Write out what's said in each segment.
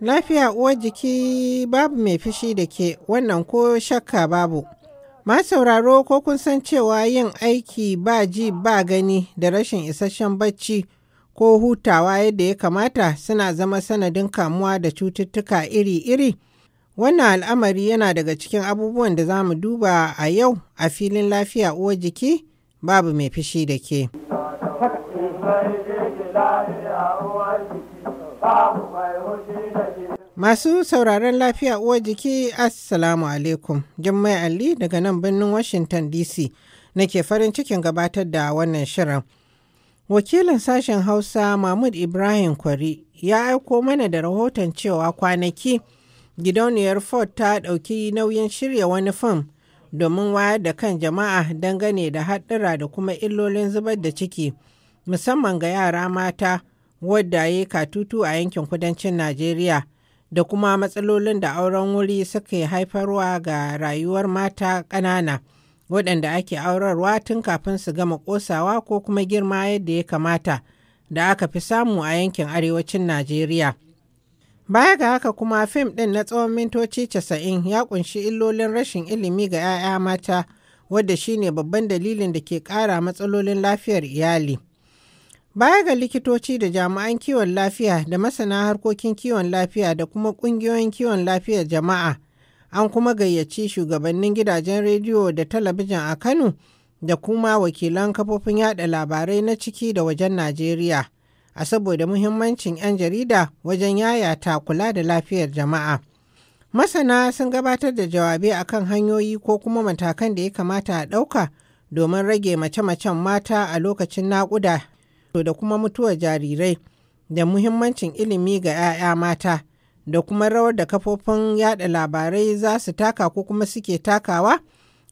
Lafiya uwar jiki babu mai fushi da ke wannan ko shakka babu. Ma sauraro ko kun san cewa yin aiki ba ji ba gani da rashin isasshen bacci ko hutawa yadda ya kamata suna zama sanadin kamuwa da cututtuka iri-iri. Wannan al'amari yana daga cikin abubuwan da za mu duba a yau a filin lafiya uwar jiki babu mai fishi da ke. Masu sauraron lafiya uwar jiki Assalamu alaikum. Jummai Ali daga nan birnin Washington DC nake farin cikin gabatar da wannan shirin. Wakilin sashen Hausa Mahmud Ibrahim Kwari ya aiko mana da rahoton cewa kwanaki gidauniyar Ford ta ɗauki nauyin shirya wani fim domin wayar da kan jama'a dangane da haɗura da kuma illolin zubar da ciki musamman ga yara mata wadda ya katutu a yankin kudancin Najeriya da kuma matsalolin da auren wuri suke haifarwa ga rayuwar mata ƙanana waɗanda ake aurarwa tun kafin su gama ƙosawa ko kuma girma yadda ya kamata da aka fi samu a yankin arewacin Najeriya. Baya ga haka kuma fim ɗin na tsawon mintoci casa'in ya kunshi illolin rashin ilimi ga 'ya'ya mata wadda shine babban dalilin da ke ƙara matsalolin lafiyar iyali. Baya ga likitoci da jami'an kiwon lafiya da masana harkokin kiwon lafiya da kuma ƙungiyoyin kiwon lafiyar jama'a, an kuma gayyaci shugabannin gidajen rediyo da talabijin a Kano da kuma wakilan kafofin yaɗa labarai na ciki da wajen Najeriya. a saboda muhimmancin 'yan jarida wajen yayata kula da lafiyar jama'a. Masana sun gabatar da jawabai kan hanyoyi ko kuma matakan da ya kamata a ɗauka domin rage mace-macen mata a lokacin naƙuda da kuma mutuwar jarirai da muhimmancin ilimi ga 'ya'ya mata da kuma rawar da kafofin yada labarai za su taka ko kuma suke takawa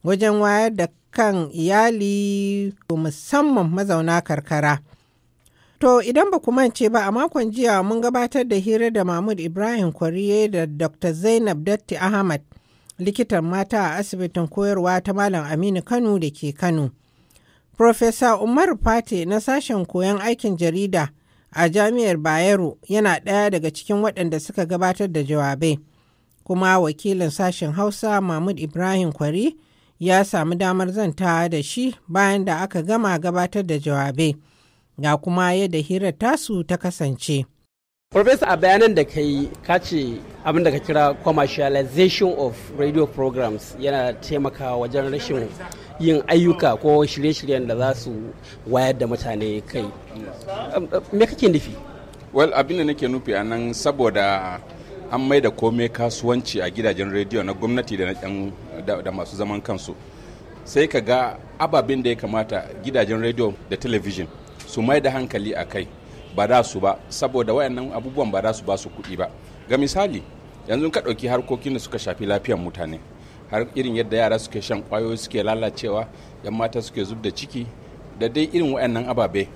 wajen wayar da kan iyali musamman mazauna karkara. To idan ba ku mance ba a makon jiya mun gabatar da hira da Mahmud Ibrahim Kwariye da Dr. Zainab Datti Ahmad likitan mata a asibitin koyarwa ta Malam Aminu Kano da ke Kano. Profesa Umar Fati, na sashen koyon aikin jarida a Jami'ar Bayero yana ɗaya daga cikin waɗanda suka gabatar da jawabai. Kuma wakilin sashen Hausa Mahmud Ibrahim Kwari ya samu damar zanta da shi bayan da aka gama gabatar da jawabai. ga kuma yadda hirar tasu ta kasance. Profesa a bayanan da ka yi ka abin da ka kira commercialization of radio programs yana taimaka wajen rashin yin ayyuka ko shirye-shiryen da za su wayar da mutane kai. Me kake nufi? Well abin da nake nufi a nan saboda an mai da komai kasuwanci a gidajen rediyo na gwamnati da masu zaman kansu. Sai ka ga ababin da ya kamata gidajen rediyo da talabijin su mai da hankali a kai ba da su ba saboda wayannan abubuwan ba da su ba su kuɗi ba ga misali yanzu ka ɗauki harkokin da suka shafi lafiyar mutane har irin yadda yara suke shan kwayoyi suke lalacewa yan mata suke zub da ciki da dai irin wayannan ababe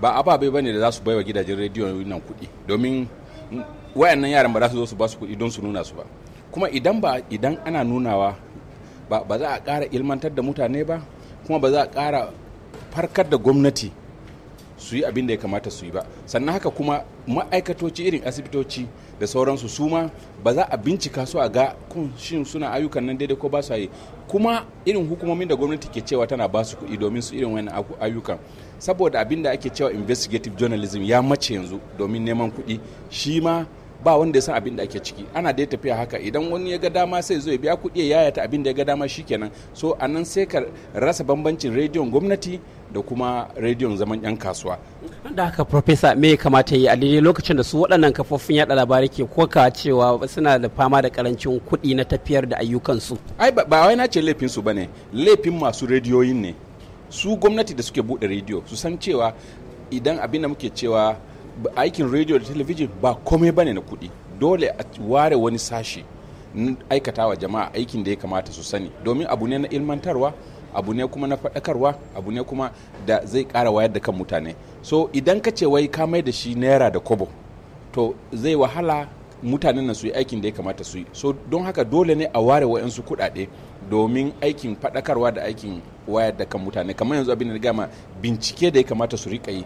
ba ababe bane da za su baiwa gidajen rediyo nan kuɗi domin wayannan yaran ba za su zo su ba su kuɗi don su nuna su ba kuma idan ba idan ana nunawa ba za a ƙara ilmantar da mutane ba kuma ba za a ƙara farkar da gwamnati su yi abin da ya kamata su yi ba sannan haka kuma ma'aikatoci irin asibitoci da sauransu su ma ba za a bincika su a ga shin suna ayyukan nan daidai ko ba su yi kuma irin hukumomin da gwamnati ke cewa tana ba su kuɗi domin su irin wani ayyukan saboda abin da ake cewa investigative journalism ya mace yanzu domin neman kuɗi shi ma ba wanda ya san abin da ake ciki ana dai tafiya haka idan wani ya ga dama sai zo biya kuɗi ya yayata abin da ya ga dama kenan so a nan sai ka rasa bambancin rediyon gwamnati da kuma rediyon zaman yan kasuwa da haka profesa me ya kamata yi a daidai lokacin da su waɗannan kafofin yaɗa labarai ke koka cewa suna da fama da karancin kuɗi na tafiyar da ayyukansu ai ba wai na ce laifin su bane laifin masu rediyoyin ne su gwamnati da suke buɗe rediyo su san cewa idan abin da muke cewa aikin rediyo da talabijin ba komai bane na kuɗi dole a ware wani sashi aikatawa jama'a aikin da ya kamata su sani domin abu ne na ilmantarwa abu ne kuma na faɗakarwa abu ne kuma da zai ƙara wayar da kan mutane so idan ka ce wai ka mai da shi naira da kobo to zai wahala mutanen nan su yi aikin da ya kamata su yi so don haka dole ne a ware wa'yansu kuɗaɗe domin aikin faɗakarwa da aikin wayar da kan mutane kamar yanzu abin da gama bincike da ya kamata su riƙa yi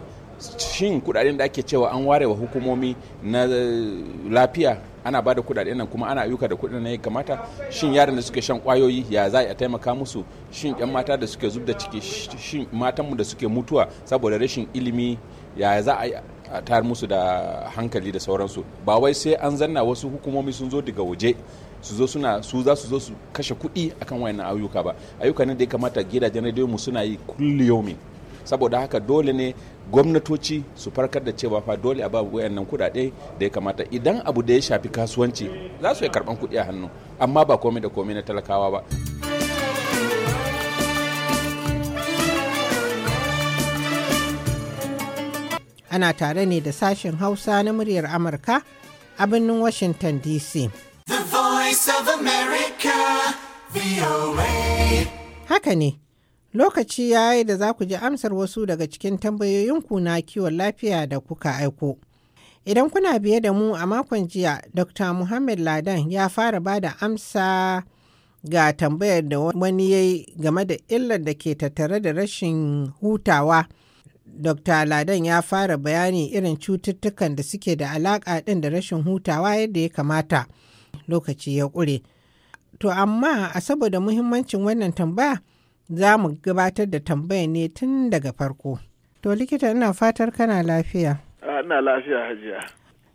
shin kudaden da ake cewa an ware wa hukumomi na eh, lafiya ana ba da kudaden nan kuma ana ayyuka da kudaden ya kamata shin yaran da suke shan kwayoyi ya za a taimaka musu shin yan mata da suke zub da ciki shin matanmu da suke mutuwa saboda rashin ilimi ya za a tayar musu da hankali da sauransu ba wai sai an zanna wasu hukumomi sun zo daga waje su zo suna su za su zo su kashe kuɗi akan wayannan ayyuka ba ayyuka ne da ya kamata gidajen rediyo mu suna yi kulliyomi saboda haka dole ne gwamnatoci su farkar da cewa fa dole a ba wayannan kuɗaɗe da ya kamata idan abu da ya shafi kasuwanci za su yi karɓan kuɗi a hannu amma ba komai da komai na talakawa ba ana tare ne da sashen hausa na muryar amurka a birnin washington dc haka ne Lokaci ya yi da za ku ji amsar wasu daga cikin tambayoyinku na kiwon lafiya da kuka aiko. Idan kuna biye da mu a makon jiya, Dr. Muhammad Ladan ya fara ba da amsa ga tambayar da wani ya yi game da illar da ke tattare da rashin hutawa. Dr. Ladan ya fara bayani irin cututtukan da suke da alaƙa ɗin da rashin hutawa yadda ya kamata lokaci ya ƙure. To amma a saboda muhimmancin wannan tambaya za mu gabatar da tambayar ne tun daga farko. To likita ina fatar kana lafiya. Ah, ina lafiya hajiya.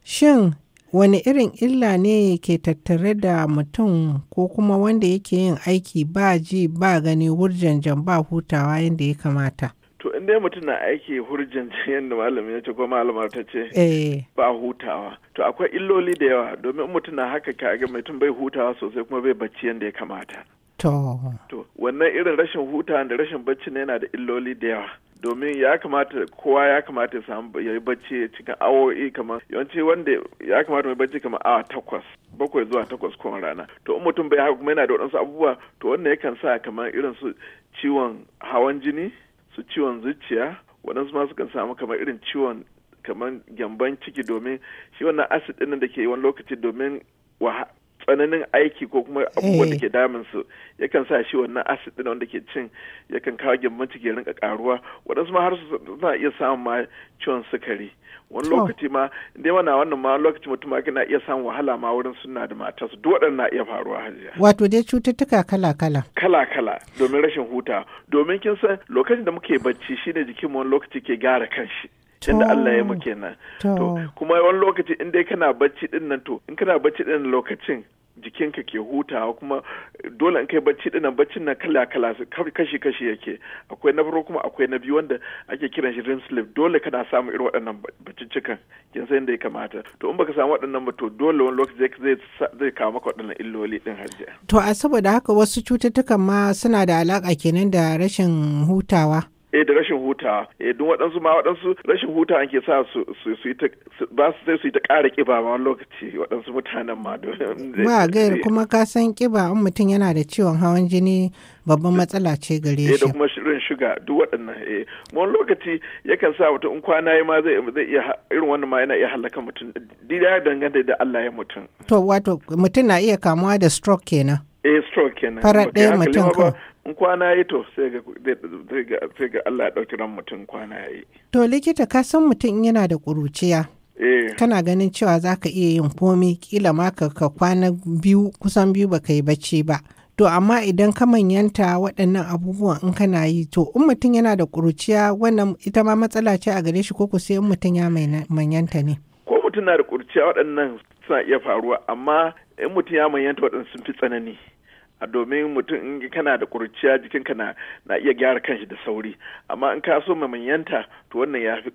Shin wani irin illa ne ke tattare da mutum ko kuma wanda yake yin aiki ba ji ba gani wurjanjan ba hutawa yadda ya kamata? To inda mutum na aiki hurjanjan yadda malamin ya ce ko malamar ta ce eh. ba hutawa. to akwai illoli da yawa domin mutum na haka ga mutum bai hutawa sosai kuma bai bacci yadda ya kamata To, wannan irin rashin huta da rashin bacci ne yana da illoli da yawa. Domin ya kamata kowa ya kamata ya yi bacci cikin awo'i kamar yawanci wanda ya kamata mai bacci kamar awa takwas bakwai zuwa takwas kowane rana. To in mutum bai haka kuma yana da waɗansu abubuwa to wannan yakan sa kamar irin su ciwon hawan jini su ciwon zuciya waɗansu ma sukan samu kamar irin ciwon kamar gyamban ciki domin shi wannan asid ɗin da ke wani lokaci domin tsananin aiki ko kuma abubuwan da eh. ke damun su yakan sa shi wannan acid din wanda ke cin yakan kawo gyamman ciki rinka karuwa waɗansu ma har su za iya samun ma ciwon sukari wani lokaci ma dai na wannan ma lokaci mutum ma na iya samun wahala ma wurin suna da matarsu duk waɗannan na iya faruwa hajiya wato dai cututtuka kala kala kala kala domin rashin huta domin kin san lokacin da muke bacci shine jikin mu wani lokaci ke gyara kanshi inda oh. Allah ya muke nan. to kuma wani lokaci in dai kana bacci din nan to in kana bacci din lokacin jikinka ke hutawa kuma dole in kai bacci nan baccin na kala kala kashi kashi yake akwai na farko kuma akwai na biyu wanda ake kiran shi dream sleep dole kana samu irin waɗannan baccicikan kin san inda ya kamata to in baka samu waɗannan ba to dole wani lokaci zai zai kawo maka waɗannan illoli din hajjia to a saboda haka wasu cututtukan ma suna da alaka kenan da rashin hutawa eh da rashin huta eh duk waɗansu ma waɗansu rashin huta ke sa su su su ta ba su sai su ta ƙara ƙiba ma wani lokaci waɗansu mutanen ma ba gair kuma ka san ƙiba in mutum yana da ciwon hawan jini babban matsala ce gare shi eh da kuma shirin shuga duk waɗannan eh wani lokaci yakan sa mutum in kwana ma zai zai iya irin wannan ma yana iya halaka mutum dida ya danganta da Allah ya mutum to wato mutum na iya kamuwa da stroke kenan eh stroke kenan farad ɗaya mutum ko in kwana yi to sai ga Allah ɗauki ran mutum kwana yi. To likita ka san mutum yana da ƙuruciya. Eh. Kana ganin cewa za ka iya yin komi kila ma ka kwana biyu kusan biyu ba ka yi bacci ba. To amma idan ka manyanta waɗannan abubuwan in kana yi to in mutum yana da ƙuruciya wannan ita ma matsala ce a gare shi ko ku sai in mutum ya manyanta ne. Ko mutum na da ƙuruciya waɗannan suna iya faruwa amma in mutum ya manyanta waɗannan sun fi tsanani. domin mutum in kana da kurciya jikinka na na iya gyara kanshi da sauri amma in ka so mamanyanta to wannan ya fi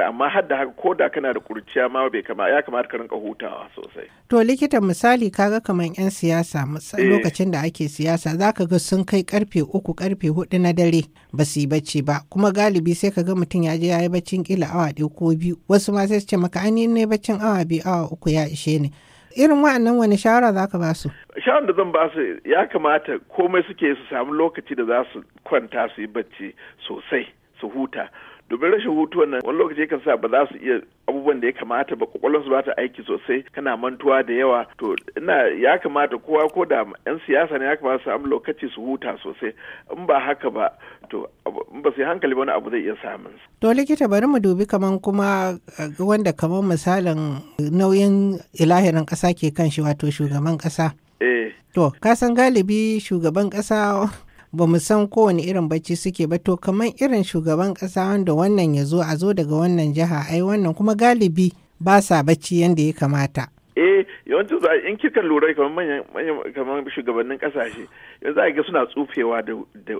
amma har da haka ko da kana da kurciya ma bai kama ya kamata ka rinka hutawa sosai to likita misali kaga kamar yan siyasa eh. lokacin da ake siyasa zaka ga sun kai karfe uku karfe hudu na dare ba su yi bacci ba kuma galibi sai ka ga mutum ya je ya yi baccin kila awa ɗaya ko biyu wasu ma sai su ce maka an ne baccin awa biyu awa uku ya ishe ni irin wa'annan wani shawara za ka ba su? Shawarar da zan ba su ya kamata komai suke su samu lokaci da za su kwanta su yi bacci sosai su huta. domin rashin hutu wannan wani lokaci kan sa ba za su iya abubuwan da ya kamata ba su ba ta aiki sosai kana mantuwa da yawa to ina ya kamata kowa ko da yan siyasa ne ya kamata su samu lokaci su huta sosai in ba haka ba to in ba su yi hankali wani abu zai iya samun su. to likita bari mu dubi kaman kuma eh, wanda kaman misalin nauyin ilahirin kasa ke kan shi wato shugaban ƙasa eh. To, kasan galibi shugaban ƙasa ba mu san kowane irin bacci suke ba to kamar irin shugaban ƙasa wanda wannan ya zo a zo daga wannan jiha ai wannan kuma galibi ba sa bacci yadda ya kamata. eh yawancin za in kika lura kamar manyan kamar shugabannin kasashe yanzu a ga suna tsufewa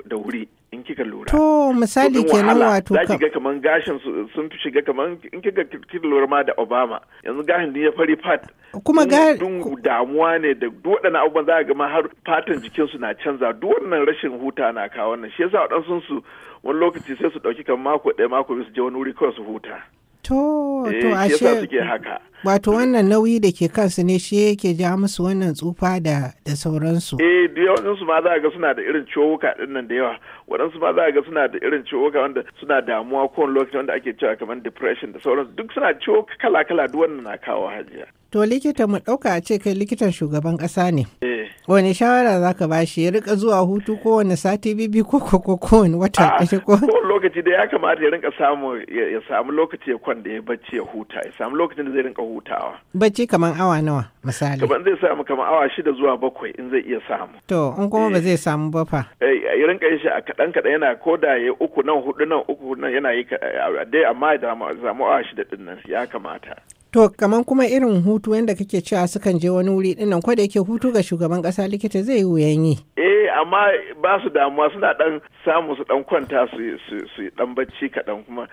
da wuri in kika lura. To misali kenan wato ka. Za ki ga kaman gashin sun fi shiga kaman in kika kika lura ma da Obama yanzu gashin din ya fari fat. Kuma ga dungu damuwa ne da duk waɗannan abubuwan za ga ma har fatan jikin su na canza duk rashin huta na kawo wannan shi yasa waɗansu su wani lokaci sai su ɗauki kan mako ɗaya mako biyu su je wani wuri kawai su huta. To, to eh, ashe suke haka. Wato wannan nauyi da ke kansu ne shi yake ja musu wannan tsufa da da sauransu. Eh, da yawansu ma za ga suna da irin ciwuka din nan da yawa. Waɗansu ma za ga suna da irin ciwuka wanda suna damuwa kowane lokaci wanda ake cewa kamar depression da sauransu. Duk suna ciwuka kala-kala duk wannan na kawo hajiya. To likita mu ɗauka a ce kai likitan shugaban ƙasa ne. Eh, wani shawara za ka ba shi ya rika zuwa hutu kowane sati bibi ko ko wani wata kashe ah, ko lokaci da ya kamata ya rinka samu ya samu lokaci ya kwanda ya bacci ya huta ya samu lokacin da zai rinka hutawa bacci kamar awa nawa misali kamar zai samu kamar awa shida zuwa bakwai in zai iya samu to in kuma ba eh. zai samu ba fa eh, ya rinka yin shi a kaɗan kaɗan yana ko da ya uku nan hudu nan uku nan yana yi eh, dai amma ya samu awa shida din nan ya kamata To kamar kuma irin hutu yadda kake cewa sukan je wani wuri dinnan ko da yake hutu ga shugaban kasa likita zai yi wuyan yi. Eh amma ba su damuwa suna dan samu su dan kwanta su su dan bacci kaɗan kuma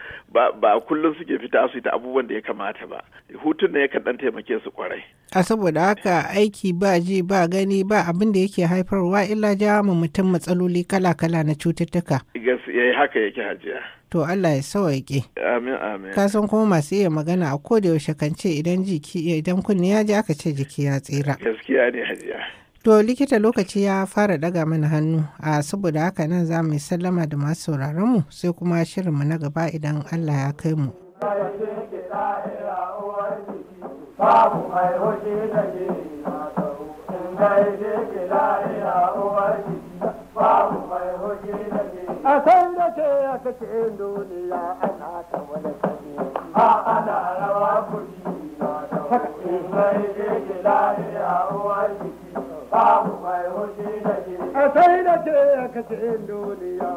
ba kullum suke fita su ta abubuwan da ya kamata ba. Hutun ne yakan dan taimake su kwarai. A saboda haka aiki ba ji ba gani ba abin da yake haifarwa illa ja mu mutum matsaloli kala-kala na cututtuka. Gaskiya haka yake hajiya. To Allah ya sawaƙe. Amin amin. Ka san kuma masu iya magana a ko da yaushe kan ce idan jiki idan kunni ya ji aka ce jiki ya tsira. Gaskiya ne hajiya. To likita lokaci ya fara daga mana hannu a saboda haka nan za mu sallama da masu sauraron mu sai kuma shirin mu na gaba idan Allah ya kai mu. Babu mai hoji da ke babu mai hoji da ke a san da ke a cikin duniya ana ta wani sani a ana rawa kuri na da wani mai jiki lahiya uwa jiki babu mai hoji da jini a sai da ke a cikin duniya